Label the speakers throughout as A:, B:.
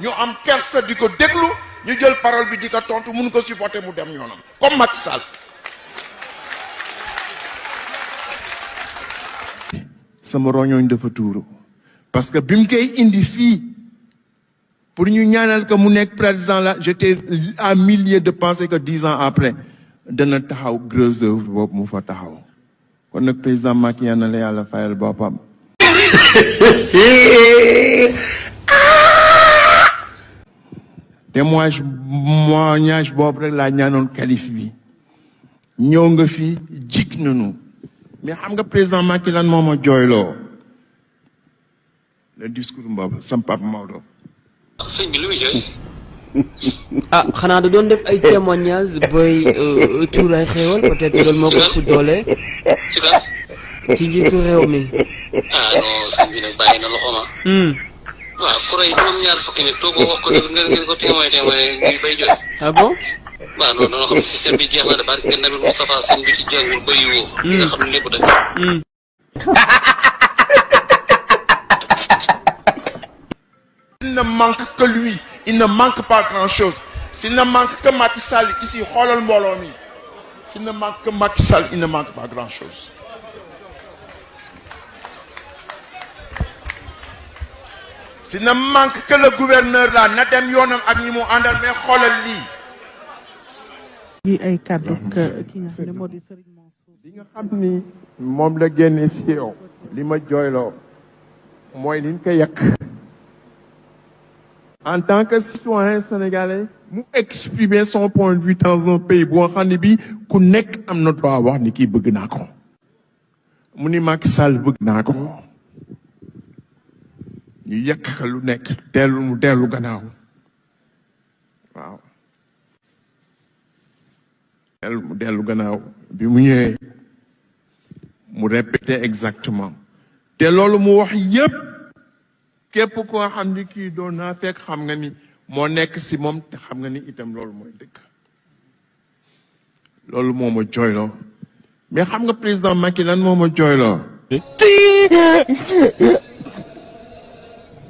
A: ñu am kersa di ko déglu ñu jël parole bi di ko tontu mun ko supporter mu dem yoonam comme Macky Sall. sama roñoñ dafa tuuru parce que bim kay indi fi pour ñu ñaanal que mu nekk président la j'étais à milliers de penser que 10 ans après dana taxaw gros œuvre boobu mu fa taxaw kon nak président Macky yal na la fayal bopam témoignage témoignage boobu rek laa ñaanoon kalif bi ñëw nga fi jig nañu mais xam nga président Macky lan moo ma jooyloo le discours boobu sam papa Maodo. ah xanaa da doon def ay témoignages booy euh, tuur ay xéewal peut-être loolu moo ko ëpp doole. ci njiitu réew mi. Ah, waaw ku rey juróom ñaar fukki nit toogoo wax ko ngeen ngeen ko témoin témoin ngi bay jooy. ah bon. waaw non non xam ne système que lui il ne manque pas grand chose s'il ne manque que Macky Sall ici xoolal mbooloo mi s'il ne manque que Macky Sall il ne manque pas grand chose. s'il ne manque que le gouverneur là na dem yoonam ak ñi andal mais xoolal li yi ay cadeau que ki nga xam ne moo Serigne Mansour. li nga xamni mom la génne si lima joylo moy jooyloo liñ ko yak en tant que citoyen sénégalais. mu exprimer son point de vue dans un pays bo xam bi ku nek amna na droit wax ni ki bëgg naa ko. mu ni Macky Sall bëgg naa ko. ñu yàq ka lu nekk dellu mu dellu gannaaw waaw dellu dellu gannaaw bi mu ñëwee mu répété exactement te loolu mu wax yépp képp ko xam ni kii doon naa fekk xam nga ni moo nekk si moom te xam nga ni itam loolu mooy dëkk loolu moo ma jooyloo mais xam nga président Macky lan moo ma jooyloo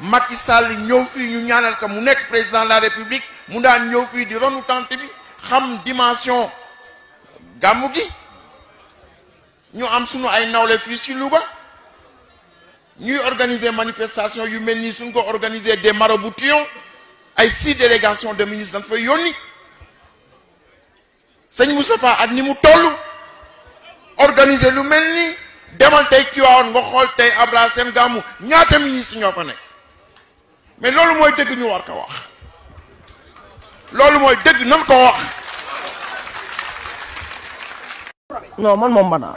A: Macky Sall ñëw ñu ñaanal ko mu nek président de la république mu daan ñëw di ronu tante bi xam dimension gamu gi ñu am suñu ay nawle fi ci Louga ñuy organiser manifestation yu melni suñ ko organiser des maraboutions ay six délégations de ministres dañ fay yoni Seigne Moustapha ak ni mu tollu organiser lu melni nii demal tey Tivaouane nga xol tay Abra seen gàmmu ñaata ministre ñoo fa nekk mais loolu mooy dëgg ñu war ko wax loolu mooy dëgg nan ko wax. non man moom banaa